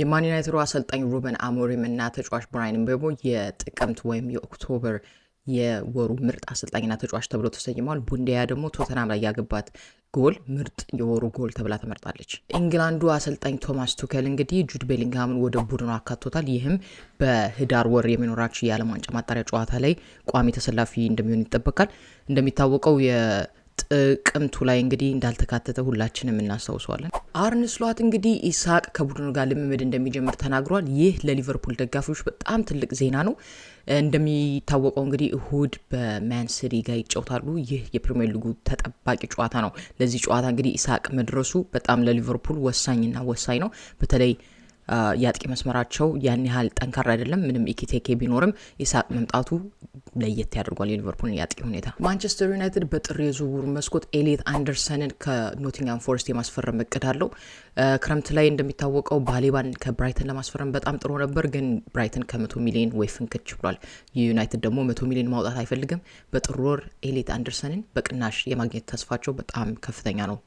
የማን ዩናይትዱ አሰልጣኝ ሩበን አሞሪም እና ተጫዋች ብራይን ምቤሞ የጥቅምት ወይም የኦክቶበር የወሩ ምርጥ አሰልጣኝና ተጫዋች ተብሎ ተሰይመዋል። ቡንዲያ ደግሞ ቶተናም ላይ ያገባት ጎል ምርጥ የወሩ ጎል ተብላ ተመርጣለች። ኢንግላንዱ አሰልጣኝ ቶማስ ቱከል እንግዲህ ጁድ ቤሊንግሃምን ወደ ቡድኑ አካቶታል። ይህም በህዳር ወር የሚኖራቸው የዓለም ዋንጫ ማጣሪያ ጨዋታ ላይ ቋሚ ተሰላፊ እንደሚሆን ይጠበቃል። እንደሚታወቀው የጥቅምቱ ላይ እንግዲህ እንዳልተካተተ ሁላችንም እናስታውሰዋለን። አርን ስሎት እንግዲህ ኢሳቅ ከቡድኑ ጋር ልምምድ እንደሚጀምር ተናግሯል። ይህ ለሊቨርፑል ደጋፊዎች በጣም ትልቅ ዜና ነው። እንደሚታወቀው እንግዲህ እሁድ በማን ጋር ይጫወታሉ። ይህ የፕሪሚየር ሊጉ ተጠባቂ ጨዋታ ነው። ለዚህ ጨዋታ እንግዲህ ኢሳቅ መድረሱ በጣም ለሊቨርፑል ወሳኝና ወሳኝ ነው። በተለይ የአጥቂ መስመራቸው ያን ያህል ጠንካራ አይደለም። ምንም ኢኪቴኬ ቢኖርም ኢሳቅ መምጣቱ ለየት ያደርጓል የሊቨርፑልን የአጥቂ ሁኔታ። ማንቸስተር ዩናይትድ በጥር የዝውውሩ መስኮት ኤሊት አንደርሰንን ከኖቲንግሃም ፎረስት የማስፈረም እቅድ አለው። ክረምት ላይ እንደሚታወቀው ባሌባን ከብራይተን ለማስፈረም በጣም ጥሩ ነበር፣ ግን ብራይተን ከመቶ ሚሊዮን ወይ ፍንክች ብሏል። ዩናይትድ ደግሞ መቶ ሚሊዮን ማውጣት አይፈልግም። በጥር ወር ኤሊት አንደርሰንን በቅናሽ የማግኘት ተስፋቸው በጣም ከፍተኛ ነው።